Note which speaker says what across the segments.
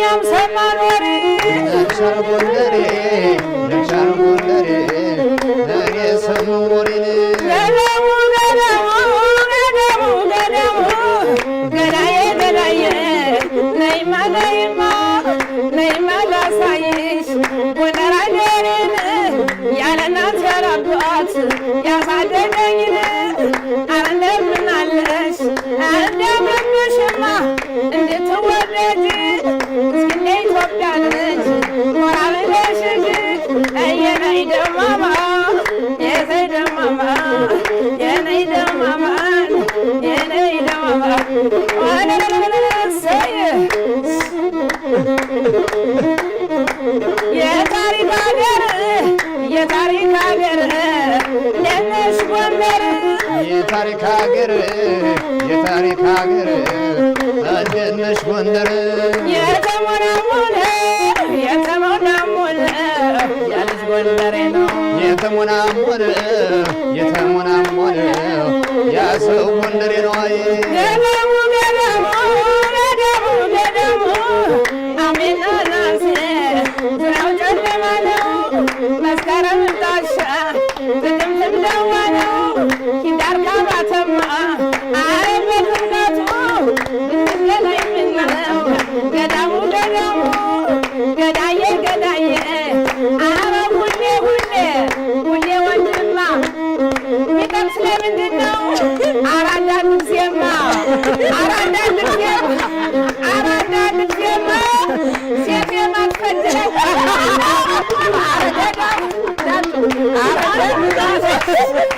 Speaker 1: እኛም ሰማን ወሬ ነግሻር ጎንደሬ ነግሻር ገዳሙ ገዳሙ ገዳሙ ገዳሙ ገዳዬ ገዳዬ ነይማ ነይማ ነይማ ላሳይሽ ጎንደር አገሬን ያለ እናት ያለ አባት ያሳደገኝን የታሪክ ሀገር ነሽ ጎንደር የታሪክ ሀገር የታሪክ ሀገር ነሽ ጎንደር የተሞናሞነ የተሞናሞነ ያለሽ ጎንደሬ ነው የተሞናሞነ የተሞናሞነ ያ ጎንደሬ ነው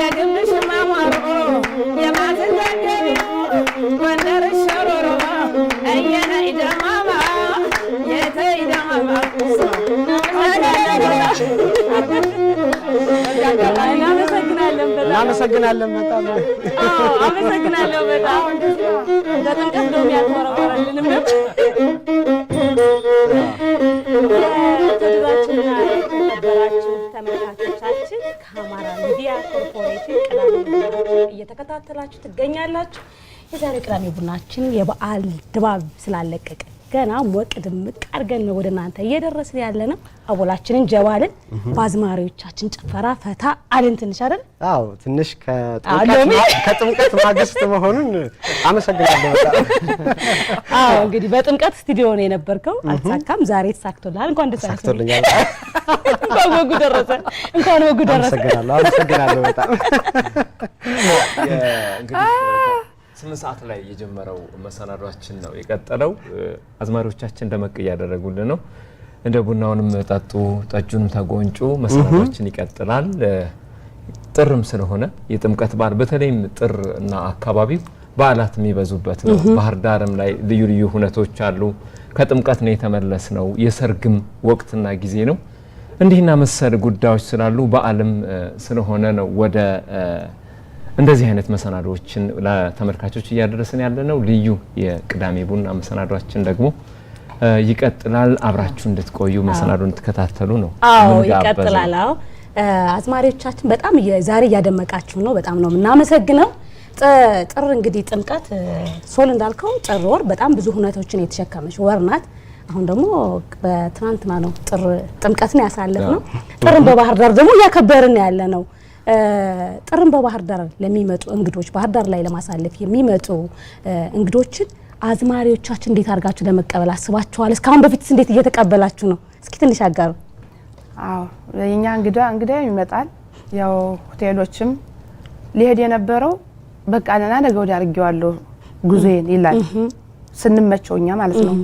Speaker 1: የግብሽማ ማርቆ የማትዘገቢ ጎንደር ሸሮሮ እየነ ኢደማማ የተ ኢደማማ
Speaker 2: እናመሰግናለን። በጣም አመሰግናለሁ። በጣም በጥምቀት ነው የሚያቆረቆረልንም እየተከታተላችሁ ትገኛላችሁ። የዛሬ ቅዳሜ ቡናችን የበዓል ድባብ ስላለቀቀ ገና ሞቅ ድምቅ አድርገን ነው ወደ እናንተ እየደረስን ያለ ነው። አቦላችንን ጀባልን በአዝማሪዎቻችን ጭፈራ ፈታ አልን። ትንሽ አይደል?
Speaker 3: አዎ፣ ትንሽ ከጥምቀት ማግስት መሆኑን አመሰግናለሁ።
Speaker 2: አዎ፣ እንግዲህ በጥምቀት ስቱዲዮ ነው የነበርከው፣ አልተሳካም። ዛሬ ተሳክቶልሃል። እንኳን ደስ አለህ። እንኳን ወጉ ደረሰ። እንኳን ወጉ ደረሰ። አመሰግናለሁ። አመሰግናለሁ በጣም
Speaker 3: ስምንት ሰዓት ላይ የጀመረው መሰናዷችን ነው የቀጠለው። አዝማሪዎቻችን ደመቅ እያደረጉልን ነው። እንደ ቡናውንም ጠጡ፣ ጠጁንም ተጎንጩ። መሰናዷችን ይቀጥላል። ጥርም ስለሆነ የጥምቀት በዓል በተለይም ጥር እና አካባቢው በዓላት የሚበዙበት ነው። ባህር ዳርም ላይ ልዩ ልዩ ሁነቶች አሉ። ከጥምቀት ነው የተመለስ ነው። የሰርግም ወቅትና ጊዜ ነው። እንዲህና መሰል ጉዳዮች ስላሉ በዓልም ስለሆነ ነው ወደ እንደዚህ አይነት መሰናዶዎችን ለተመልካቾች እያደረስን ያለ ነው። ልዩ የቅዳሜ ቡና መሰናዷችን ደግሞ ይቀጥላል። አብራችሁ እንድትቆዩ መሰናዶ እንድትከታተሉ ነው። አዎ ይቀጥላል። አዎ
Speaker 2: አዝማሪዎቻችን በጣም ዛሬ እያደመቃችሁ ነው። በጣም ነው የምናመሰግነው። ጥር እንግዲህ ጥምቀት ሶል እንዳልከው ጥር ወር በጣም ብዙ ሁነቶችን የተሸከመች ወር ናት። አሁን ደግሞ በትናንትና ነው ጥር ጥምቀትን ያሳለፍ ነው። ጥርን በባህር ዳር ደግሞ እያከበርን ያለ ነው። ጥርን በባህር ዳር ለሚመጡ እንግዶች ባህር ዳር ላይ ለማሳለፍ የሚመጡ እንግዶችን አዝማሪዎቻችን እንዴት አድርጋችሁ ለመቀበል አስባችኋል? እስካሁን በፊትስ እንዴት እየተቀበላችሁ ነው? እስኪ ትንሽ አጋሩ።
Speaker 4: አዎ የእኛ እንግዳ እንግዳ ይመጣል። ያው ሆቴሎችም ሊሄድ የነበረው በቃ ለና ነገ ወዲያ አድርጌዋለሁ ጉዞዬን ይላል። ስንመቸው እኛ ማለት ነው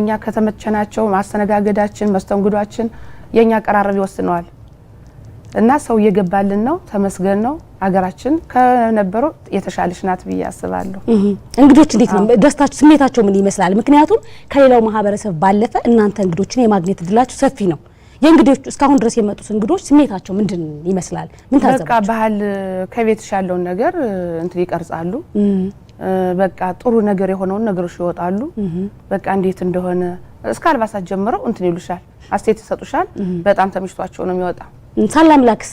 Speaker 4: እኛ ከተመቸናቸው ማስተነጋገዳችን መስተንግዷችን የእኛ አቀራረብ ይወስነዋል። እና ሰው እየገባልን ነው። ተመስገን ነው። አገራችን ከነበረው የተሻለች ናት ብዬ አስባለሁ።
Speaker 2: እንግዶች እንዴት ነው ደስታችሁ፣ ስሜታቸው ምን ይመስላል? ምክንያቱም ከሌላው ማህበረሰብ ባለፈ እናንተ እንግዶችን የማግኘት እድላችሁ ሰፊ ነው። የእንግዶች እስካሁን ድረስ የመጡት እንግዶች ስሜታቸው ምንድን ይመስላል? ምን ታዘባችሁ? በቃ ባህል ከቤት ያለውን ነገር እንትን ይቀርጻሉ። በቃ ጥሩ ነገር የሆነውን ነገሮች ይወጣሉ። በቃ እንዴት እንደሆነ እስከ አልባሳት ጀምረው እንትን ይሉሻል፣ አስተያየት ይሰጡሻል። በጣም ተመችቷቸው ነው የሚወጣ ሳላም ላክስ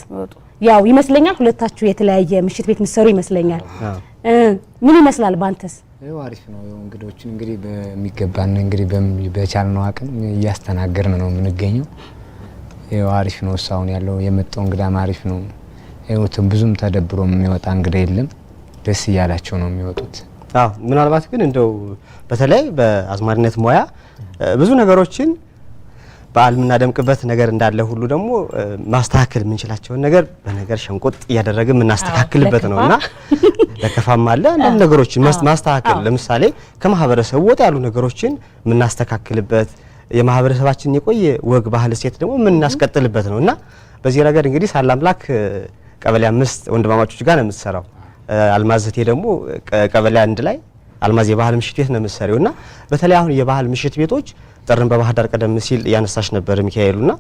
Speaker 2: ያው ይመስለኛል ሁለታችሁ የተለያየ ምሽት ቤት ምሰሩ ይመስለኛል። ምን ይመስላል ባንተስ?
Speaker 5: ይኸው አሪፍ ነው። እንግዶችን እንግዲህ በሚገባን እንግዲህ በቻልነው አቅም እያስተናገርን ነው የምንገኘው። ይኸው አሪፍ ነው። እሳሁን ያለው የመጣው እንግዳም አሪፍ ነው። ይኸው ብዙም ተደብሮ የሚወጣ እንግዳ የለም። ደስ እያላቸው ነው የሚወጡት።
Speaker 6: ምናልባት ግን እንደው በተለይ በአዝማሪነት ሙያ ብዙ ነገሮችን በዓል የምናደምቅበት ነገር እንዳለ ሁሉ ደግሞ ማስተካከል የምንችላቸውን ነገር በነገር ሸንቆጥ እያደረግን የምናስተካክልበት ነው እና ለከፋም አለ አንዳንድ ነገሮችን ማስተካከል ለምሳሌ ከማህበረሰቡ ወጣ ያሉ ነገሮችን የምናስተካክልበት የማህበረሰባችን የቆየ ወግ፣ ባህል፣ ሴት ደግሞ የምናስቀጥልበት ነው እና በዚህ ነገር እንግዲህ ሳላምላክ ቀበሌ አምስት ወንድማማቾች ጋር ነው የምትሰራው። አልማዝ ደግሞ ቀበሌ አንድ ላይ አልማዝ የባህል ምሽት ቤት ነው የምትሰሪው እና በተለይ አሁን የባህል ምሽት ቤቶች ጥርን በባህር ዳር ቀደም ሲል ያነሳሽ ነበር ሚካኤሉ እና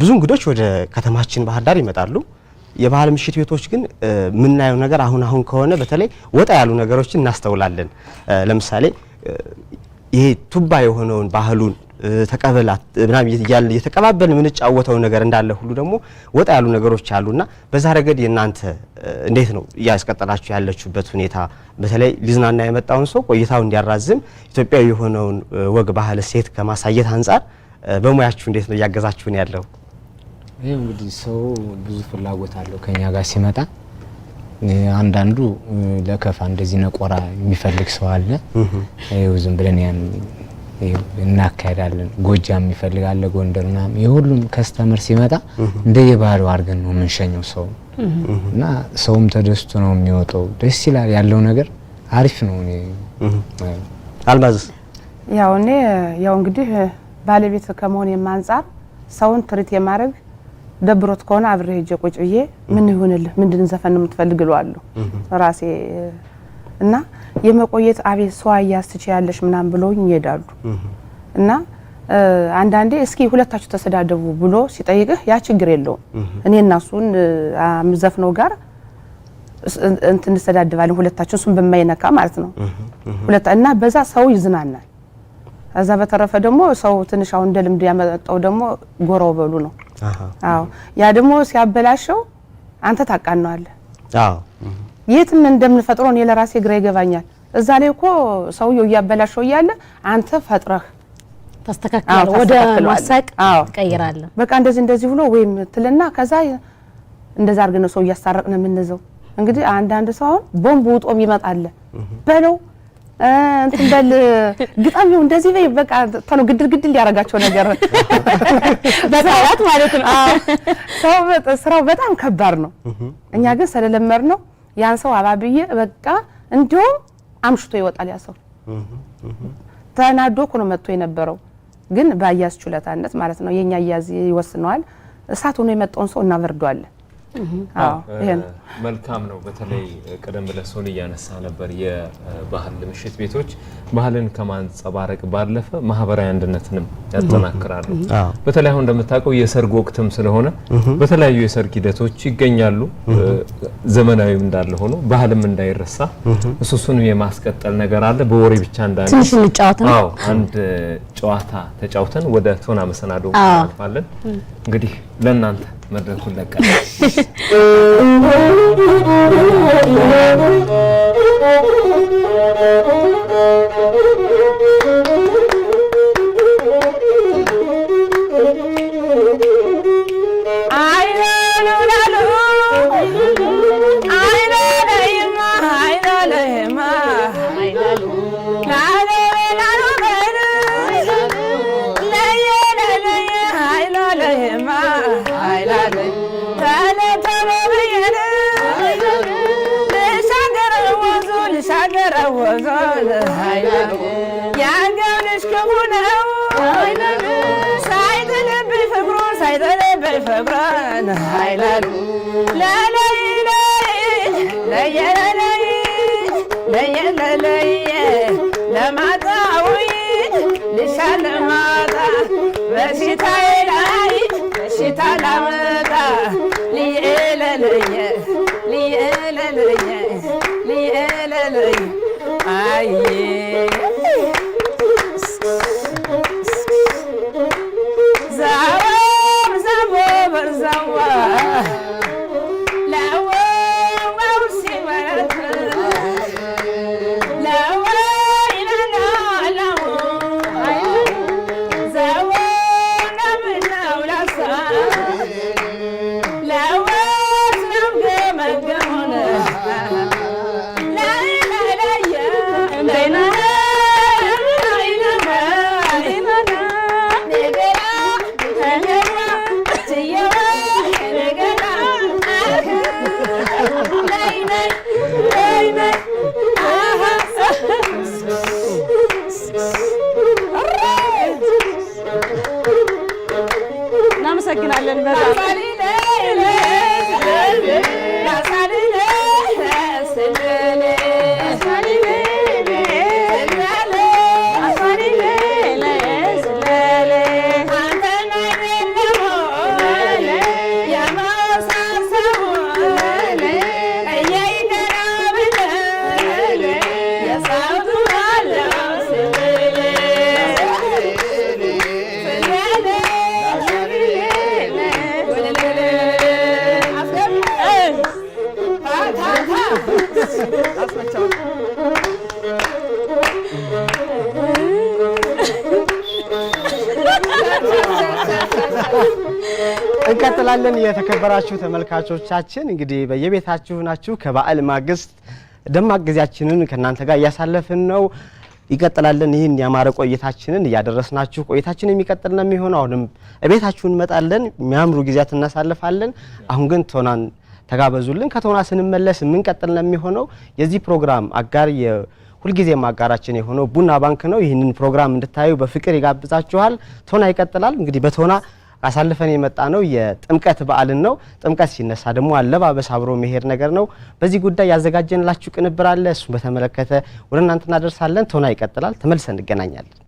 Speaker 6: ብዙ እንግዶች ወደ ከተማችን ባህር ዳር ይመጣሉ። የባህል ምሽት ቤቶች ግን የምናየው ነገር አሁን አሁን ከሆነ በተለይ ወጣ ያሉ ነገሮችን እናስተውላለን። ለምሳሌ ይሄ ቱባ የሆነውን ባህሉን ተቀበላት ምናምን እያልን እየተቀባበልን የምንጫወተው ነገር እንዳለ ሁሉ ደግሞ ወጣ ያሉ ነገሮች አሉና በዛ ረገድ የእናንተ እንዴት ነው እያስቀጠላችሁ ያለችሁበት ሁኔታ? በተለይ ሊዝናና የመጣውን ሰው ቆይታው እንዲያራዝም ኢትዮጵያዊ የሆነውን ወግ፣ ባህል፣ ሴት ከማሳየት አንጻር በሙያችሁ እንዴት ነው እያገዛችሁን ያለው?
Speaker 7: ይህ እንግዲህ ሰው ብዙ ፍላጎት አለው ከኛ ጋር ሲመጣ አንዳንዱ ለከፋ እንደዚህ ነቆራ የሚፈልግ ሰው አለ። ዝም ብለን ያን እናካሄዳለን። ጎጃም ይፈልጋለ፣ ጎንደር ምናምን፣ የሁሉም ከስተመር ሲመጣ እንደየባህሪው አድርገን ነው የምንሸኘው ሰው እና ሰውም ተደስቶ ነው የሚወጣው። ደስ ይላል ያለው ነገር አሪፍ ነው። እኔ
Speaker 8: ያው እኔ ያው እንግዲህ ባለቤት ከመሆን የማንጻር ሰውን ትርኢት የማድረግ ደብሮት ከሆነ አብሬ ሄጄ ቁጭ ብዬ ምን ይሁንልህ ምንድን ዘፈን ነው የምትፈልግ እለዋለሁ ራሴ እና የመቆየት አቤት ሰዋ አያስች ያለሽ ምናምን ብሎ ይሄዳሉ እና አንዳንዴ እስኪ ሁለታችሁ ተሰዳደቡ ብሎ ሲጠይቅህ ያ ችግር የለውም። እኔ እናሱን እሱን ምዘፍነው ጋር እንት እንሰዳድባለን ሁለታችን፣ እሱን በማይነካ ማለት ነው ሁለታ እና በዛ ሰው ይዝናናል። ከዛ በተረፈ ደግሞ ሰው ትንሽ አሁን እንደ ልምድ ያመጣው ደግሞ ጎራው በሉ ነው። አዎ ያ ደግሞ ሲያበላሸው አንተ ታቃነዋለህ። አዎ የትም እንደምንፈጥሮ እኔ ለራሴ ግራ ይገባኛል። እዛ ላይ እኮ ሰውየው እያበላሸው እያለ አንተ ፈጥረህ
Speaker 2: ተስተካክላለህ፣ ወደ ማሳቅ ትቀይራለህ።
Speaker 8: በቃ እንደዚህ እንደዚህ ብሎ ወይም ትልና ከዛ እንደዛ አድርገን ነው ሰው እያስታረቅ ነው የምንዘው። እንግዲህ አንዳንድ ሰው አሁን ቦምብ ውጦም ይመጣል። በለው እንትን በል ግጣም ይሁን እንደዚህ በይ በቃ ተሎ ግድል ግድል ያደርጋቸው ነገር በሰዓት ማለት ነው። ሰው ስራው በጣም ከባድ ነው። እኛ ግን ስለለመድ ነው ያን ሰው አባብዬ በቃ እንዲሁም አምሽቶ ይወጣል። ያ ሰው ተናዶ እኮ ነው መጥቶ የነበረው፣ ግን በአያዝ ችሎታነት ማለት ነው የእኛ አያዝ ይወስነዋል። እሳት ሆኖ የመጣውን ሰው እናበርደዋለን።
Speaker 9: መልካም ነው። በተለይ ቀደም ብለህ ሶል እያነሳ ነበር የባህል ምሽት ቤቶች ባህልን ከማንጸባረቅ ባለፈ ማህበራዊ አንድነትንም ያጠናክራሉ። በተለይ አሁን እንደምታውቀው የሰርግ ወቅትም ስለሆነ በተለያዩ የሰርግ ሂደቶች ይገኛሉ። ዘመናዊም እንዳለ ሆኖ ባህልም እንዳይረሳ እሱሱንም የማስቀጠል ነገር አለ። በወሬ ብቻ እንዳለ አንድ ጨዋታ ተጫውተን ወደ ቶና መሰናዶ አልፋለን እንግዲህ ለእናንተ መድረኩን ለቀ
Speaker 1: ወቶል ኃይለሉ የአንገው ልጅ ክፉ ነው ሳይጥልብኝ ፍቅሩን ሳይጥልብኝ ፍቅሩን ኃይለሉ ለለይለይ ለየለለይ ለማጣውይ ልሻ ለማጣ በሽታ ላይ በሽታ ላመጣ ልየለለየ
Speaker 6: እንቀጥላለን። የተከበራችሁ ተመልካቾቻችን እንግዲህ በየቤታችሁ ናችሁ። ከበዓል ማግስት ደማቅ ጊዜያችንን ከእናንተ ጋር እያሳለፍን ነው። ይቀጥላለን። ይህን ያማረ ቆይታችንን እያደረስናችሁ ቆይታችን የሚቀጥል ነው የሚሆነው። አሁንም ቤታችሁ እንመጣለን፣ የሚያምሩ ጊዜያት እናሳልፋለን። አሁን ግን ቶናን ተጋበዙልን። ከቶና ስንመለስ የምንቀጥል ነው የሚሆነው። የዚህ ፕሮግራም አጋር ሁልጊዜም አጋራችን የሆነው ቡና ባንክ ነው። ይህንን ፕሮግራም እንድታዩ በፍቅር ይጋብዛችኋል። ቶና ይቀጥላል። እንግዲህ በቶና አሳልፈን የመጣ ነው የጥምቀት በዓልን ነው። ጥምቀት ሲነሳ ደግሞ አለባበስ አብሮ መሄድ ነገር ነው። በዚህ ጉዳይ ያዘጋጀንላችሁ ቅንብር አለ። እሱን በተመለከተ ወደ እናንተ እናደርሳለን። ቶና ይቀጥላል። ተመልሰን እንገናኛለን።